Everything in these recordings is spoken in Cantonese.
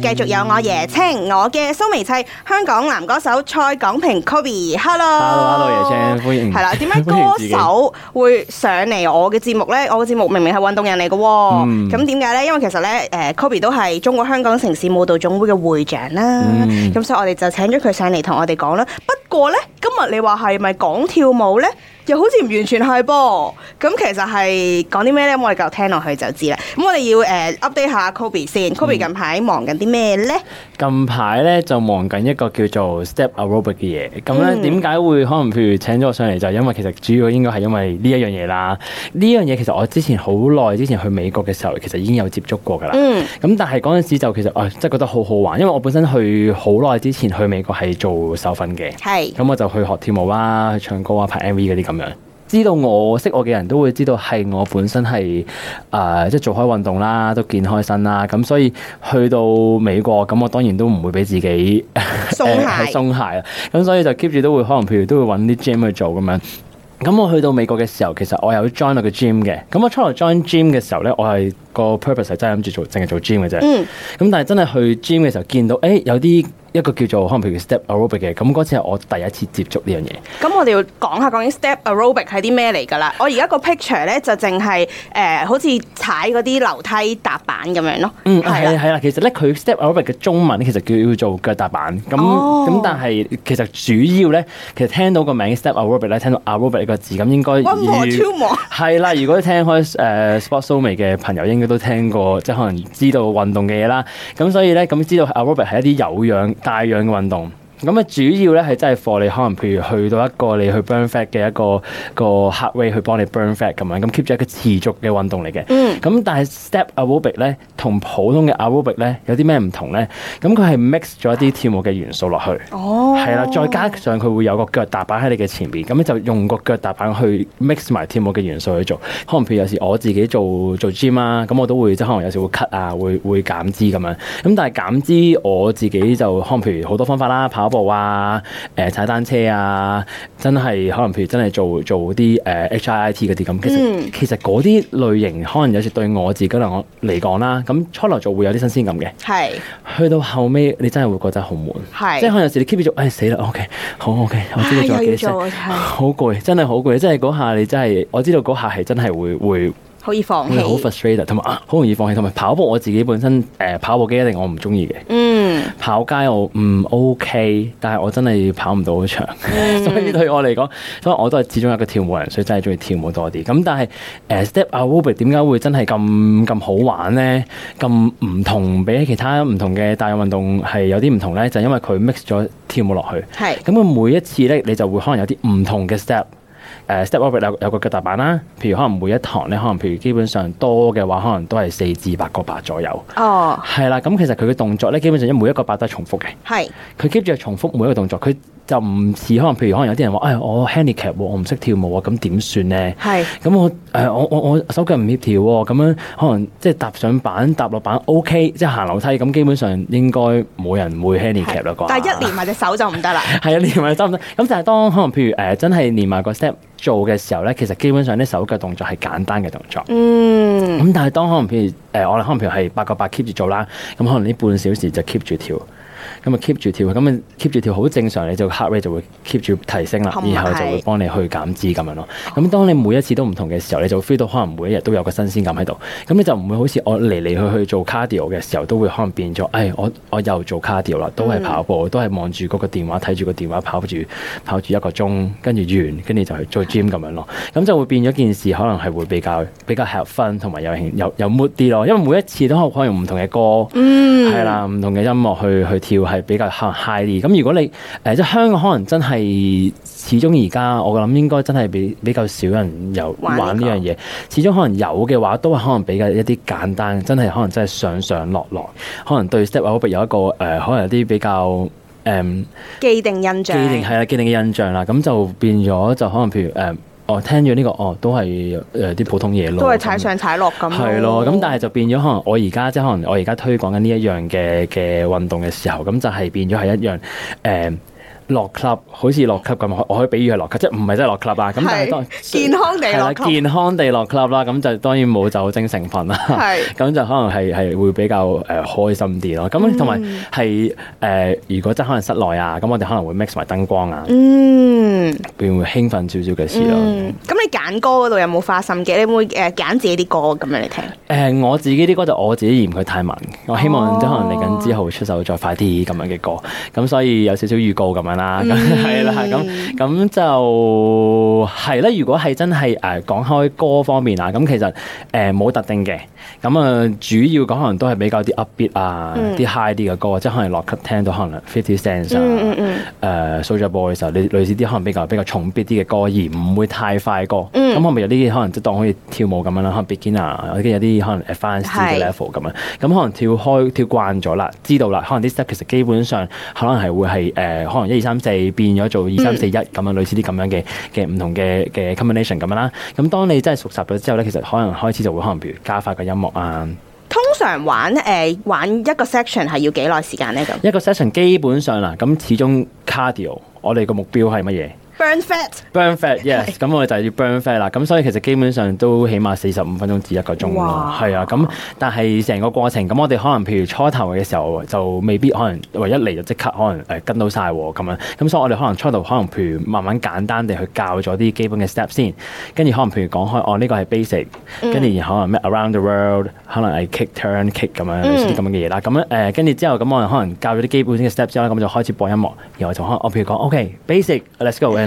繼續有我爺青，我嘅蘇眉妻，香港男歌手蔡港評 Kobbie，Hello，Hello，Hello 爺青，歡迎。係啦，點解歌手會上嚟我嘅節目呢？我嘅節目明明係運動人嚟嘅喎，咁點解呢？因為其實咧，誒、呃、Kobbie 都係中國香港城市舞蹈總會嘅會長啦，咁、嗯、所以我哋就請咗佢上嚟同我哋講啦。不過呢，今日你話係咪講跳舞呢？又好似唔完全係噃，咁其實係講啲咩咧？我哋繼續聽落去就知啦。咁我哋要誒 update 下 Kobbie 先、嗯、Kobbie 近排忙緊啲咩咧？近排咧就忙緊一個叫做 Step Aerobic 嘅嘢。咁咧點解會可能譬如請咗我上嚟，就因為其實主要應該係因為呢一樣嘢啦。呢樣嘢其實我之前好耐之前去美國嘅時候，其實已經有接觸過㗎啦。嗯，咁但係嗰陣時就其實我、呃、即係覺得好好玩，因為我本身去好耐之前去美國係做受訓嘅，係咁是我就去學跳舞啦、去唱歌啊、拍 MV 嗰啲咁。知道我識我嘅人都會知道係我本身係誒、呃、即係做開運動啦，都健開身啦。咁所以去到美國咁，我當然都唔會俾自己鬆懈鬆懈啦。咁所以就 keep 住都會可能譬如都會揾啲 gym 去做咁樣。咁我去到美國嘅時候，其實我有 join 咗個 gym 嘅。咁我初嚟 join gym 嘅時候咧，我係個 purpose 真係諗住做淨係做 gym 嘅啫。咁、嗯、但係真係去 gym 嘅時候見到誒、欸、有啲。一個叫做可能譬如 step aerobic 嘅，咁嗰次係我第一次接觸呢樣嘢。咁我哋要講下究竟 step aerobic 係啲咩嚟㗎啦？我而家個 picture 咧就淨係誒好似踩嗰啲樓梯踏板咁樣咯。嗯，係啊了，其實咧佢 step aerobic 嘅中文其實叫做腳踏板。咁咁、哦、但係其實主要咧，其實聽到個名 step aerobic 咧，聽到 aerobic 呢個字，咁應該要係啦。如果你聽開誒 Sportsomate 嘅朋友，應該都聽過，即係可能知道運動嘅嘢啦。咁所以咧，咁知道 aerobic 係一啲有氧。帶氧嘅運動。咁啊，主要咧係真係幫你，可能譬如去到一個你去 burn fat 嘅一個一個 heart rate 去幫你 burn fat 咁樣，咁 keep 住一個持續嘅運動嚟嘅。咁、嗯、但係 step aerobic 咧，同普通嘅 aerobic 咧有啲咩唔同咧？咁佢係 mix 咗一啲跳舞嘅元素落去。哦。係啦，再加上佢會有個腳踏板喺你嘅前面，咁就用個腳踏板去 mix 埋跳舞嘅元素去做。可能譬如有時我自己做做 gym 啦、啊，咁我都會即可能有時會 cut 啊，會會減脂咁樣。咁但係減脂我自己就可能譬如好多方法啦，跑。跑步啊，誒踩單車啊，真係可能譬如真係做做啲誒 H I T 嗰啲咁，其實、嗯、其實嗰啲類型可能有時對我自己嚟講啦，咁、嗯、初嚟做會有啲新鮮感嘅，係是 去到後尾，你真係會覺得好悶，係是 即係可能有時你 keep 住做，唉、哎、死啦，O K 好 O、okay, K，我知道做咗幾多時間，好攰、哎、真係好攰，即係嗰下你真係我知道嗰下係真係會會。會可以放棄、嗯，好 frustrated，同埋好容易放棄，同埋跑步我自己本身誒、呃、跑步機一定我唔中意嘅，嗯，跑街我唔 OK，但係我真係跑唔到好長，嗯、 所以對我嚟講，所以我都係始終有個跳舞人，所以真係中意跳舞多啲。咁、嗯、但係誒、呃、Step Aerobics 點解會真係咁咁好玩咧？咁唔同比起其他唔同嘅帶氧運動係有啲唔同咧，就係、因為佢 mix 咗跳舞落去，係咁佢每一次咧你就會可能有啲唔同嘅 step。誒 step up 有有個腳踏板啦，譬如可能每一堂咧，可能譬如基本上多嘅話，可能都係四至八個八左右。哦，係、嗯、啦，咁其實佢嘅動作咧，基本上因每一個八都係重複嘅。係是，佢 keep 住重複每一個動作，佢就唔似可能譬如可能有啲人話：誒、哎，我 handicap 我唔識跳舞啊，咁點算咧？係是，咁、嗯、我誒、呃、我我我手腳唔協調喎，咁樣可能即係踏上板、踏落板，板 OK，即係行樓梯，咁基本上應該冇人會 handicap 咯啩是。吧但係一連埋隻手就唔得啦。係 一連埋隻手唔得，咁就係當可能譬如誒、呃、真係連埋個 step。做嘅時候咧，其實基本上啲手腳動作係簡單嘅動作。嗯，嗯。咁但係當可能譬如誒，我、呃、哋可能譬如係八個八 keep 住做啦，咁、嗯、可能呢半小時就 keep 住跳。咁啊 keep 住跳，咁啊 keep 住跳好正常，你就 heart rate 就會 keep 住提升啦，然後就會幫你去減脂咁樣咯。咁當你每一次都唔同嘅時候，你就 feel 到可能每一日都有個新鮮感喺度。咁你就唔會好似我嚟嚟去去做 cardio 嘅時候，都會可能變咗，誒我我又做 cardio 啦，都係跑步，嗯、都係望住個電話睇住個電話跑住跑住一個鐘跟住完，跟住就去做 gym 咁樣咯。咁就會變咗件事，可能係會比較比較 h 分同埋有有有，有 mood 啲咯，因為每一次都可能唔同嘅歌，係、嗯、啦，唔同嘅音樂去去跳。係比較吓 high 啲，嗯，咁如果你誒、呃、即係香港可能真係始終而家，我諗應該真係比比較少人有玩呢樣嘢。始終可能有嘅話，都係可能比較一啲簡單，真係可能真係上上落落，可能對 step 啊嗰邊有一個誒、呃，可能有啲比較誒、um, 既定印象，係啦，既定嘅印象啦，咁、嗯、就變咗就可能譬如誒。Um, 哦，聽咗呢個，哦，都係誒啲普通嘢咯，都係踩上踩落咁，係咯，咁但係就變咗可能我而家即係可能我而家推廣緊呢一樣嘅嘅運動嘅時候，咁就係變咗係一樣誒。呃落 club 好似落 club 咁，我可以比喻係落 club，即係唔係真係落 club 啊？咁但係當然健康地落 club 啦，健康地落 club 啦，咁就當然冇酒精成分啦。係咁是 就可能係係會比較誒開心啲咯。咁同埋係誒，如果真係可能室內啊，咁我哋可能會 mix 埋燈光啊、嗯嗯。嗯，會唔會興奮少少嘅事咯？咁你揀歌嗰度有冇花心嘅？你會誒揀自己啲歌咁樣嚟聽？誒、呃，我自己啲歌就我自己嫌佢太慢，我希望即可能嚟緊之後會出手再快啲咁樣嘅歌，咁、哦、所以有少少預告咁啊。啦，咁係啦，咁咁就係啦，如果係真係誒講開歌方面啊，咁、嗯、其實誒冇、呃、特定嘅。咁啊，主要講可能都係比較啲 upbeat 啊 too、嗯，啲 high 啲嘅歌，即係可能落級聽到可能 Fifty Cent 啊，誒、嗯、Soulja、uh, Boys 啊，類類似啲可能比較比較重啲嘅歌，而唔會太快歌。咁我咪有啲可能即當可以跳舞咁樣啦，可能 beginner 啊，有啲可能 advanced level 咁樣，咁可能跳開跳慣咗啦，知道啦，可能啲 step 其實基本上可能係會係誒、呃、可能一。三四變咗做二三四一咁樣，類似啲咁樣嘅嘅唔同嘅嘅 combination 咁樣啦。咁當你真係熟習咗之後咧，其實可能開始就會可能譬如加快嘅音樂啊。通常玩誒、呃、玩一個 section 係要幾耐時間咧？咁一個 section 基本上啦，咁始終 cardio，我哋個目標係乜嘢？Burn fat, burn fat, yes。咁 我哋就要 burn fat 啦。咁所以其實基本上都起碼四十五分鐘至一個鐘咯。係哇啊，咁但係成個過程咁，我哋可能譬如初頭嘅時候就未必可能，我一嚟，就即刻可能、呃、跟到晒咁樣。咁所以我哋可能初頭可能譬如慢慢簡單地去教咗啲基本嘅 step 先，跟住可能譬如講開哦呢、這個係 basic，跟住然後可能 around the world，可能係 kick turn kick 咁樣啲咁、嗯、樣嘅嘢啦。咁樣誒，跟、呃、住之後咁我可能教咗啲基本嘅 step 之後咧，咁就開始播音樂，然後同我譬如講，ok basic，let's go。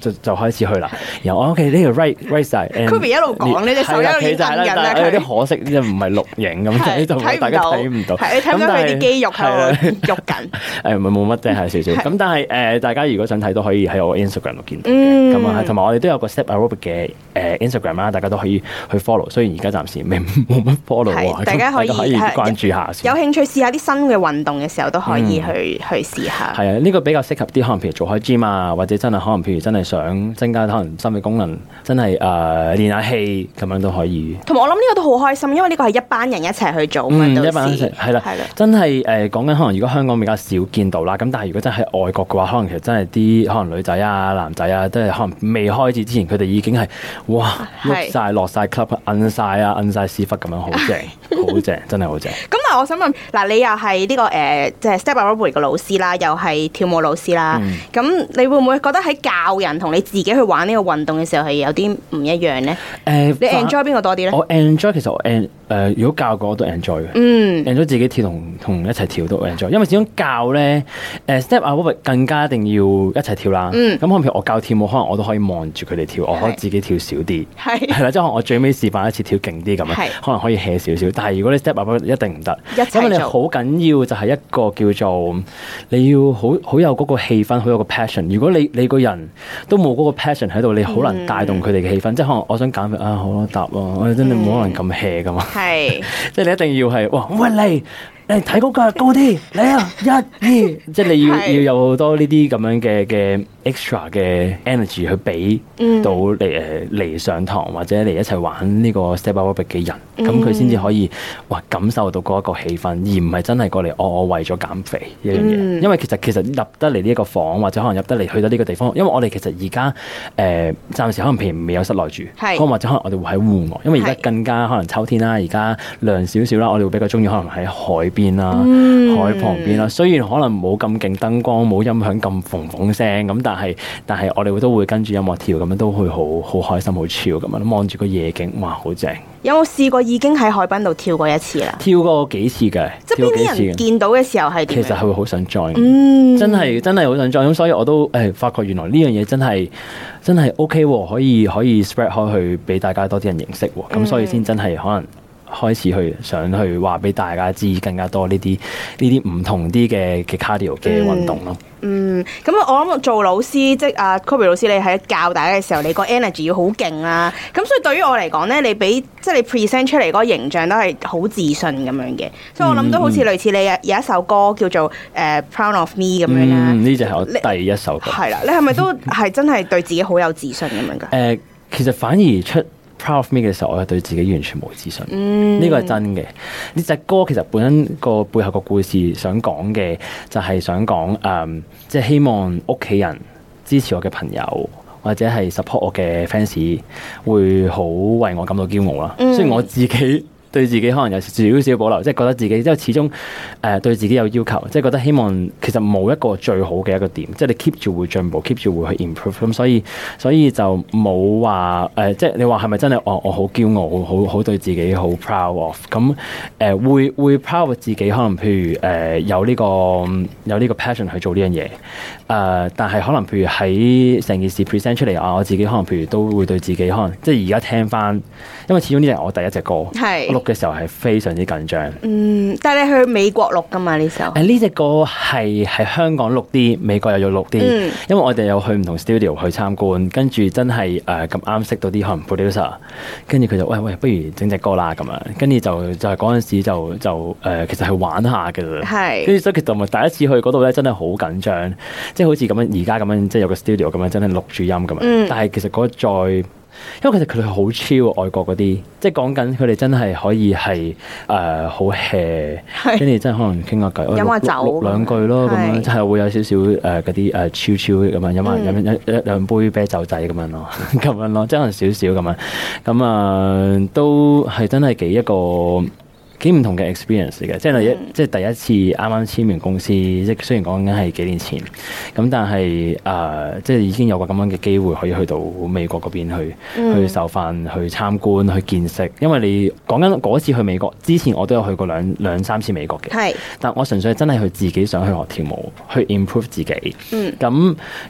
就就開始去啦。然後我 OK 呢個 race race 誒，Kobbie 一路講呢隻手有啲殘忍啊！有啲可惜，因為唔係錄影咁，就睇唔到。睇唔到。咁但係啲肌肉喺度喐緊。誒，唔係冇乜啫，係少少。咁但係誒，大家如果想睇都可以喺我 Instagram 度見到咁啊，同埋我哋都有個 Step Aerobic 嘅誒 Instagram 啦，大家都可以去 follow。雖然而家暫時未冇乜 follow。大家可以可以關注下。有興趣試下啲新嘅運動嘅時候都可以去去試下。係啊，呢個比較適合啲可能譬如做開 gym 啊，或者真係可能。譬如真係想增加可能心肺功能，真係誒練下氣咁樣都可以。同埋我諗呢個都好開心，因為呢個係一班人一齊去做，一班人一齊係啦。的真係誒講緊可能如果香港比較少見到啦，咁但係如果真係外國嘅話，可能其實真係啲可能女仔啊、男仔啊，都係可能未開始之前，佢哋已經係哇喐落晒 club、摁曬啊、摁曬屎忽咁樣，好正，好正，真係好正。咁啊，我想問嗱，你又係呢、這個誒即係 Step Aerobics 嘅老師啦，又係跳舞老師啦，咁、嗯、你會唔會覺得喺教人同你自己去玩呢個運動嘅時候係有啲唔一樣咧。誒、呃，你 enjoy 邊個多啲咧？我 enjoy 其實誒誒、呃，如果教過我都 enjoy 嘅。嗯，enjoy 自己跳同同一齊跳都 enjoy，因為始終教咧誒、呃、step up 更加一定要一齊跳啦。咁可能譬如我教跳舞，可能我都可以望住佢哋跳，嗯、我可以自己跳少啲。係啦是， 即係我最尾示範一次跳勁啲咁樣，是可能可以 hea 少少。但係如果你 step up 一定唔得。因為你好緊要就係一個叫做你要好你要好，你要好有嗰個氣氛，好有個 passion。如果你你，你個人都冇嗰個 passion 喺度，你好難帶動佢哋嘅氣氛。嗯、即係可能我想減肥啊，好多答、啊，答咯、嗯，我真係冇可能咁 hea 㗎嘛。係是， 即係你一定要係，哇，喂嚟嚟睇高高啲，嚟 啊，一、二，即係你要是要有好多呢啲咁樣嘅嘅。extra 嘅 energy 去俾到嚟誒嚟上堂或者嚟一齊玩呢個 step up 嘅人，咁佢先至可以哇感受到嗰一個氣氛，而唔係真係過嚟我我為咗減肥一樣嘢。嗯、因為其實其實入得嚟呢一個房或者可能入得嚟去到呢個地方，因為我哋其實而家誒暫時可能譬如未有室內住，咁是或者可能我哋會喺戶外，因為而家更加可能秋天啦，而家涼少少啦，我哋會比較中意可能喺海邊啦、嗯、海旁邊啦。雖然可能冇咁勁燈光、冇音響咁嘭嘭聲咁，但但係，但係我哋都會跟住音樂跳，咁樣都會好好開心，好 chill 咁啊！望住個夜景，哇，好正！有冇試過已經喺海濱度跳過一次啦？跳過幾次嘅？旁邊啲人見到嘅時候係？其實係會好想 join、嗯、真係真係好想 join。咁所以我都誒、哎、發覺，原來呢樣嘢真係真係 OK 嘅，可以可以 spread 開去俾大家多啲人認識。咁、嗯、所以先真係可能開始去想去話俾大家知更加多呢啲呢啲唔同啲嘅嘅 cardio 嘅運動咯。嗯嗯，咁我諗做老師，即係阿、uh, Kobbie 老師，你喺教大嘅時候，你個 energy 要好勁啦。咁所以對於我嚟講咧，你俾即係你 present 出嚟嗰個形象都係好自信咁樣嘅。所以我諗都好似類似你有有一首歌叫做誒、uh, Proud of Me 咁、嗯、樣啦。呢隻係我第一首歌你。係 啦，你係咪都係真係對自己好有自信咁樣噶？誒、呃，其實反而出 Proud of me 嘅時候，我係對自己完全冇自信。呢個係真嘅。呢隻歌其實本身個背後個故事想講嘅就係想講，誒、um,，即係希望屋企人支持我嘅朋友，或者係 support 我嘅 fans 會好為我感到驕傲啦。雖然我自己。嗯對自己可能有少少保留，即係覺得自己即係始終誒、呃、對自己有要求，即係覺得希望其實冇一個最好嘅一個點，即係你 keep 住會進步，keep 住會去 improve。咁所以所以就冇話誒，即係你話係咪真係我我好驕傲，好好好對自己好 proud of？咁誒、呃、會會 proud 自己可能譬如誒、呃、有呢、這個有呢個 passion 去做呢樣嘢誒，但係可能譬如喺成件事 present 出嚟啊，我自己可能譬如都會對自己可能即係而家聽翻，因為始終呢隻係我第一隻歌。係。嘅時候係非常之緊張，嗯，但係你去美國錄噶嘛呢首？誒，啊，呢隻歌係喺香港錄啲，美國又要錄啲，嗯，因為我哋有去唔同 studio 去參觀，跟住真係誒咁啱識到啲可能 producer，跟住佢就喂喂，不如整隻歌啦咁樣，跟住就就係嗰陣時就就誒，呃，其實係玩下噶咋，係，跟住所以其實我第一次去嗰度咧，真係好緊張，即係好似咁樣而家咁樣，即係有個 studio 咁樣，真係錄住音咁樣，嗯，但係其實嗰再。因為其實佢哋好超外國嗰啲，即係講緊佢哋真係可以係誒好 hea，跟住真係可能傾下偈，飲下喝酒兩句咯，咁是樣就係會有少少誒嗰啲誒超超咁樣，飲下飲飲一兩、嗯、杯啤酒仔咁樣咯，咁樣咯，真係少少咁樣，咁啊都係真係幾一個，幾唔同嘅 experience 嘅，即係第一，即係第一次啱啱簽完公司，即係、嗯、雖然講緊係幾年前，咁但係啊、呃，即係已經有個咁樣嘅機會可以去到美國嗰邊去、嗯、去受訓、去參觀、去見識。因為你講緊嗰次去美國之前，我都有去過兩兩三次美國嘅，是但我純粹真係去自己想去學跳舞，去 improve 自己。咁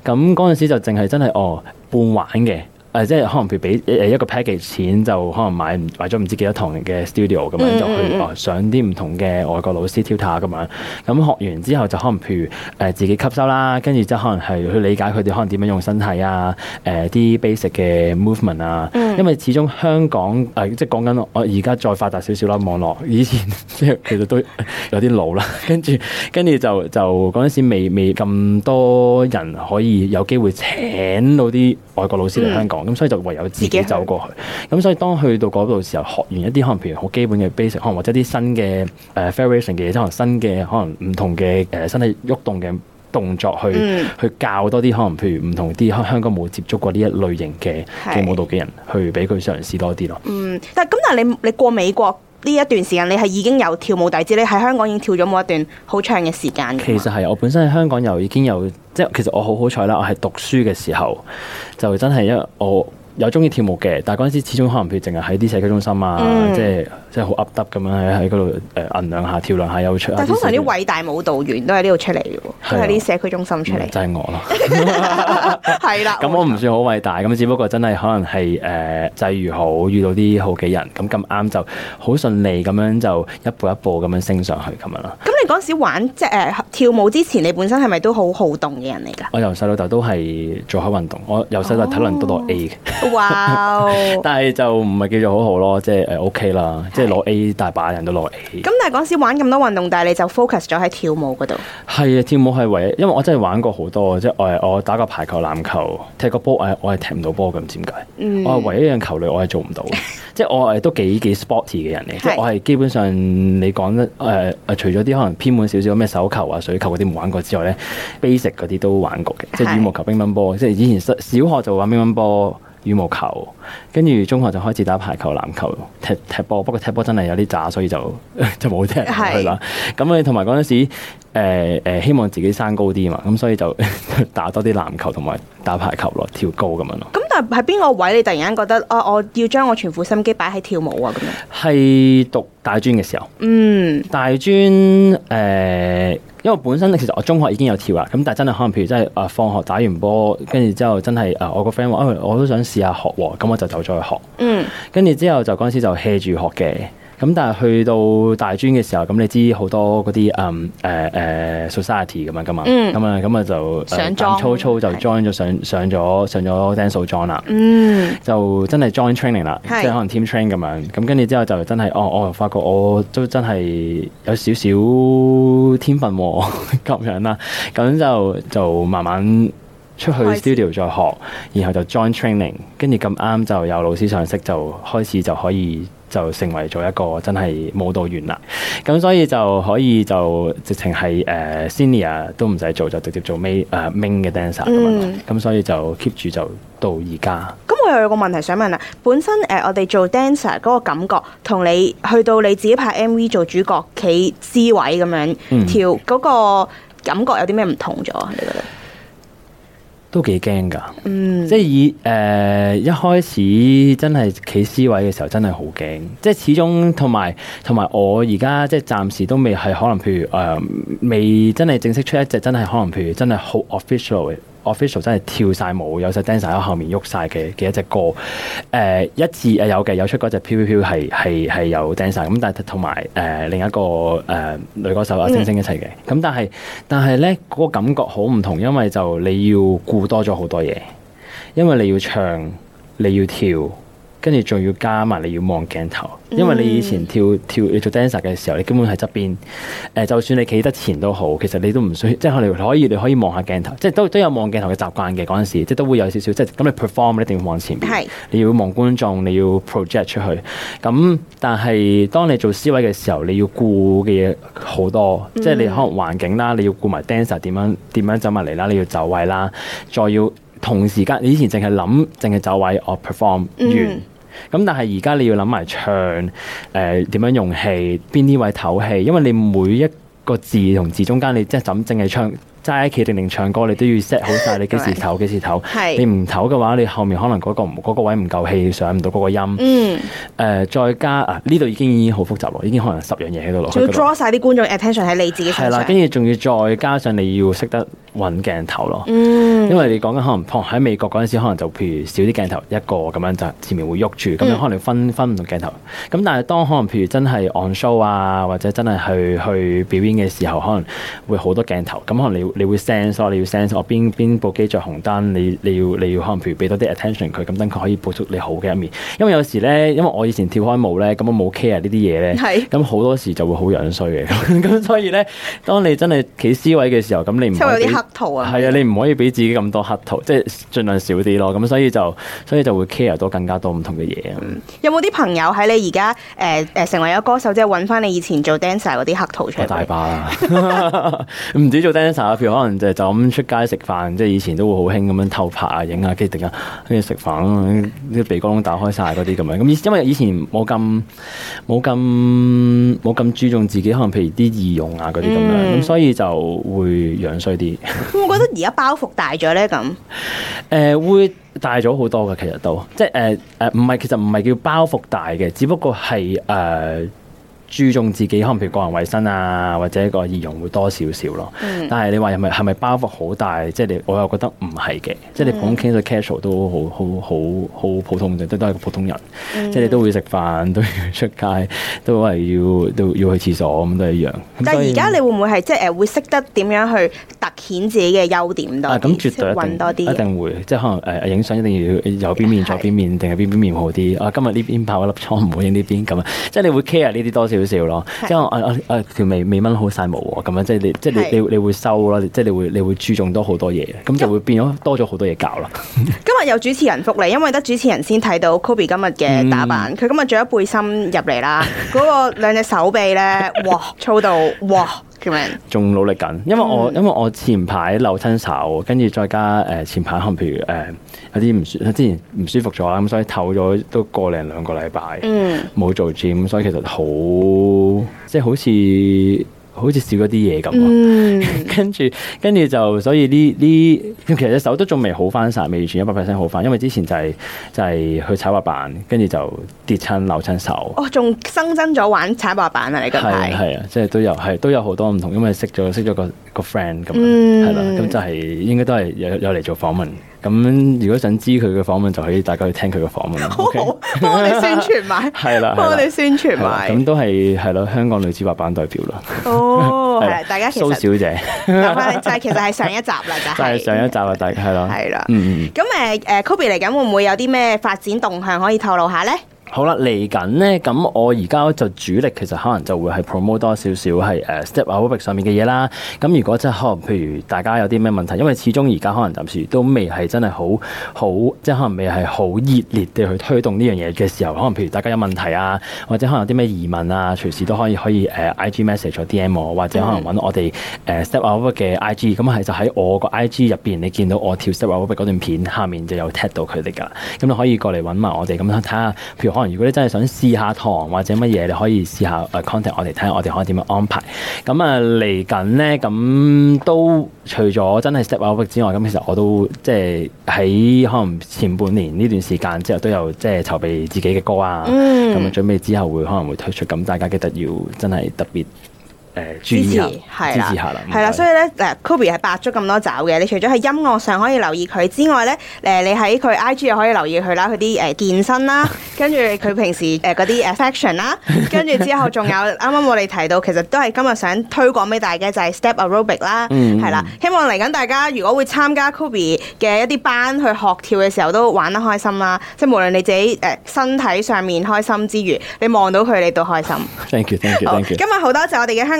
咁嗰陣時就淨係真係哦半玩嘅。誒、呃、即係可能譬如俾誒、呃、一個 package 錢就可能買買咗唔知幾多堂嘅 studio 咁樣就去、啊、上啲唔同嘅外國老師 tutor 咁樣，咁、mm hmm. 學完之後就可能譬如誒、呃、自己吸收啦，跟住即係可能係去理解佢哋可能點樣用身體啊，誒、呃、啲 basic 嘅 movement 啊，mm hmm. 因為始終香港誒、啊、即係講緊我而家再發達少少啦，網絡以前即 係其實都有啲老啦，跟住跟住就就陣時未未咁多人可以有機會請到啲外國老師嚟香港。Mm hmm. 咁、嗯、所以就唯有自己走過去。咁、嗯、所以當去到嗰度時候，學完一啲可能譬如好基本嘅 basic，可能或者啲新嘅誒 variation 嘅嘢，即可能新嘅可能唔同嘅誒身體喐動嘅動作，動作去，去、嗯、去教多啲可能譬如唔同啲香港冇接觸過呢一類型嘅舞蹈嘅人，是去俾佢嘗試多啲咯。嗯，但係咁，但係你你過美國。呢一段時間，你係已經有跳舞底子，你喺香港已經跳咗舞一段好長嘅時間。其實係，我本身喺香港又已經有，即係其實我好好彩啦，我係讀書嘅時候就真係因為我。有中意跳舞嘅，但係嗰陣時始終可能佢淨係喺啲社區中心啊，嗯、即係即係好噏噏咁樣喺嗰度誒，韌、呃、兩下跳兩下又出。但通常啲偉大舞蹈員都喺呢度出嚟嘅喎，喺啲的社區中心出嚟、嗯。就係、是、我咯，係啦。咁我唔算好偉大，咁 只不過真係可能係誒，際、呃、遇好遇到啲好幾人，咁咁啱就好順利咁樣就一步一步咁樣升上去咁樣啦。嗰時玩即係誒、呃、跳舞之前，你本身係咪都好好動嘅人嚟㗎？我由細老豆都係做下運動，我由細、oh. Wow. 就體能都到 A 嘅。哇！但係就唔係叫做好好咯，即係誒 OK 啦，是即係攞 A 大把人都攞 A。咁但係嗰時玩咁多運動，但係你就 focus 咗喺跳舞嗰度。係啊，跳舞係唯一，因為我真係玩過好多，即係我打個排球、籃球、踢個波，我係踢唔到波咁唔知點解，Mm. 我係唯一樣球類我係做唔到 即係我都幾幾 sporty 嘅人嚟，的 即係我係基本上你講得誒除咗啲可能。偏門少少咩手球啊、水球嗰啲冇玩過之外呢，basic 嗰啲都玩過嘅，即係羽毛球、乒乓波。即係以前小小學就玩乒乓波、羽毛球，跟住中學就開始打排球、籃球、踢踢波。不過踢波真係有啲渣，所以就 就冇踢落去啦。咁你同埋嗰陣時，誒、呃、誒、呃，希望自己生高啲啊嘛，咁所以就 打多啲籃球同埋打排球咯，跳高咁樣咯。喺邊、啊、個位你突然間覺得啊、哦，我要將我全副心機擺喺跳舞啊咁樣？係讀大專嘅時候。嗯大專，大專誒，因為本身其實我中學已經有跳啦，咁但係真係可能譬如真係啊，放學打完波，跟住之後真係啊，我個 friend 話啊，我都想試下學，咁我就走咗去學。嗯，跟住之後就嗰時就 hea 住學嘅。咁但係去到大專嘅時候，咁你知好多嗰啲嗯誒 society 咁樣噶嘛，咁啊咁啊就初初就 join 咗是上上咗上咗 dance 莊啦，o 嗯、就真係 join training 啦，是即係可能 team train 咁樣。咁跟住之後就真係哦，我發覺我都真係有少少天分喎、哦、咁 樣啦。咁就就慢慢出去 studio 再學，始然後就 join training，跟住咁啱就有老師上識，就開始就可以。就成為咗一個真係舞蹈員啦，咁所以就可以就直情係誒 senior 都唔使做，就直接做 main、uh, 誒 main 嘅 dancer 咁啊、mm.，咁所以就 keep 住就到而家。咁、嗯、我又有個問題想問啦，本身誒、uh, 我哋做 dancer 嗰個感覺，同你去到你自己拍 MV 做主角企姿位咁樣跳嗰個感覺有啲咩唔同咗？Mm. 你覺得？都幾驚㗎，嗯、即係以誒、呃、一開始真係企 C 位嘅時候，真係好驚。即係始終同埋同埋，我而家即係暫時都未係可能，譬如誒、呃、未真係正式出一隻真係可能，譬如真係好 official 嘅。official 真係跳晒舞，有晒 dancer 喺後面喐晒嘅嘅一隻歌，誒、呃、一節誒有嘅有出嗰隻飄飄飄係係係有 dancer 咁、嗯，但係同埋誒另一個誒、呃、女歌手阿、啊、星星一齊嘅，咁、嗯、但係但係咧嗰個感覺好唔同，因為就你要顧多咗好多嘢，因為你要唱，你要跳。跟住仲要加埋你要望鏡頭，因為你以前跳跳你做 dancer 嘅時候，你根本喺側邊。誒、呃，就算你企得前都好，其實你都唔需要，即係你可以你可以望下鏡頭，即係都都有望鏡頭嘅習慣嘅嗰陣時，即都會有少少即係咁你 perform 一定要望前面，是你要望觀眾，你要 project 出去。咁但係當你做司位嘅時候，你要顧嘅嘢好多，嗯、即係你可能環境啦，你要顧埋 dancer 點樣點樣走埋嚟啦，你要走位啦，再要同時間你以前淨係諗淨係走位我 perform 完。嗯咁但係而家你要諗埋唱，誒、呃、點樣用氣，邊啲位唞氣，因為你每一個字同字中間，你即係怎正係唱。齋企定定唱歌，你都要 set 好晒，你幾時唞幾時唞。你唔唞嘅話，你後面可能嗰、嗰個嗰個位唔夠氣，上唔到嗰個音。嗯、呃。再加啊，呢度已經已經好複雜咯，已經可能十樣嘢喺度咯。仲要 draw 晒啲觀眾 attention 喺你自己身上。係啦，跟住仲要再加上你要識得揾鏡頭咯。嗯、因為你講緊可能喺美國嗰陣時可能就譬如少啲鏡頭一個咁樣，就前面會喐住。咁樣可能你分分唔到鏡頭。咁、嗯、但係當，但當可能譬如真係 on show 啊，或者真係去去表演嘅時候，可能會好多鏡頭。咁可能你。你會 sense 咯、啊，你要 sense 我、啊、邊邊部機着紅燈，你你要你要可能譬如俾多啲 attention 佢，咁等佢可以捕捉你好嘅一面。因為有時咧，因為我以前跳開舞咧，咁我冇 care 呢啲嘢咧，咁好是多時就會好樣衰嘅。咁是 所以咧，當你真係企 C 位嘅時候，咁你唔，都有啲黑圖啊，係啊，你唔可以俾自己咁多黑圖，即係儘量少啲咯。咁所以就所以就會 care 到更加多唔同嘅嘢。有冇啲朋友喺你而家誒誒成為咗歌手，即係揾翻你以前做 dancer 嗰啲黑圖出嚟？大把，唔止做 dancer 譬如可能就就咁出街食飯，即係以前都會好興咁樣偷拍啊、拍啊、影下機定突跟住食飯啊啲鼻哥窿打開晒嗰啲咁樣。咁因為以前冇咁冇咁冇咁注重自己，可能譬如啲儀容啊嗰啲咁樣，咁所以就會樣衰啲。我覺得而家包袱大咗咧，咁 誒、呃、會大咗好多嘅，其實都即係誒誒，唔、呃、係其實唔係叫包袱大嘅，只不過係誒。呃注重自己可能譬如個人衞生啊，或者個儀容會多少少咯。嗯、但係你話係咪係咪包袱好大？即係你我又覺得唔係嘅。嗯、即係你講傾到 casual 都好好好好普通嘅，都都係個普通人。嗯、即係你都會食飯，都要出街，都係要都要去廁所咁都係一樣。但係而家你會唔會係即係誒會識得點樣去突顯自己嘅優點多點？啊，咁絕對多啲一,一定會。即係可能影相、啊、一定要右邊面左邊面定係邊邊面好啲是、啊、今日呢邊爆一粒瘡唔好影呢邊咁即係你會 care 呢啲多少？少少咯，即係我誒誒條尾未掹好晒毛喎，咁樣即係你即係你你你會收啦，即係你會你會注重多好多嘢，咁就會變咗多咗好多嘢搞啦。 今日有主持人福利，因為得主持人先睇到 Kobbie 今日嘅打扮，佢、嗯、今日着咗背心入嚟啦，嗰、嗰個兩隻手臂咧， 哇粗到哇叫咩？仲努力緊，因為我、嗯、因為我前排漏親手，跟住再加誒前排可能譬如誒。呃有啲唔舒，之前唔舒服咗啦，咁所以唞咗都過零兩個禮拜，冇、嗯、做 gym，所以其實即好即係好似好似少咗啲嘢咁。跟住跟住就所以呢呢，其實手都仲未好返晒，未完全一百 percent 好返，因為之前就係、是、就係、是、去踩滑板，跟住就跌親扭親手。哦，仲新增咗玩踩滑板啊？你嗰排係啊，即係都有係都有好多唔同，因為識咗識咗個個 friend 咁，係啦、嗯，咁就係應該都係有有嚟做訪問。咁如果想知佢嘅訪問，就可以大家去聽佢嘅訪問。好，好，幫我哋宣傳埋。係啦，幫我哋宣傳埋。咁都係係咯，香港女子滑板代表啦。哦，係，大家蘇小姐。就係其實係上一集啦，就係上一集啦，大家係咯。係啦，嗯嗯。咁誒誒 Kobbie 嚟緊會唔會有啲咩發展動向可以透露下咧？好啦，嚟緊咧，咁我而家就主力其實可能就會係 promote 多少少係誒 step up above 上面嘅嘢啦。咁如果即係可能，譬如大家有啲咩問題，因為始終而家可能暫時都未係真係好好，即係可能未係好熱烈地去推動呢樣嘢嘅時候，可能譬如大家有問題啊，或者可能有啲咩疑問啊，隨時都可以可以誒 IG message 或 DM 我，或者可能揾我哋誒、mm hmm. uh, step up above 嘅 IG。咁係就喺我個 IG 入邊，你見到我跳 step up above 嗰段片，下面就有 tag 到佢哋噶。咁你可以過嚟揾埋我哋，咁睇下譬如如果你真係想試下堂或者乜嘢，你可以試下 contact 我哋，睇、呃，下我哋可以點樣安排。咁 啊，嚟緊呢，咁、嗯、都除咗真係 step up 之外，咁其實我都即係喺可能前半年呢段時間之後，都有即係籌備自己嘅歌啊，咁、mm. 啊，準備之後會可能會推出。咁大家記得要真係特別。誒支持，支持下啦，係啦， 所以咧，誒 Kobbie 係百足咁多爪嘅，你除咗喺音樂上可以留意佢之外咧，誒、呃、你喺佢 IG 又可以留意佢啦，佢啲誒健身啦， 跟住佢平時誒嗰啲 affection 啦， 跟住之後仲有啱啱我哋提到，其實都係今日想推廣俾大家嘅就係、是、Step Aerobic 啦，係啦、嗯嗯，希望嚟緊大家如果會參加 Kobbie 嘅一啲班去學跳嘅時候都玩得開心啦、啊，即係無論你自己誒身體上面開心之餘，你望到佢你都開心。Thank you，Thank you，Thank you。今日好多謝我哋嘅香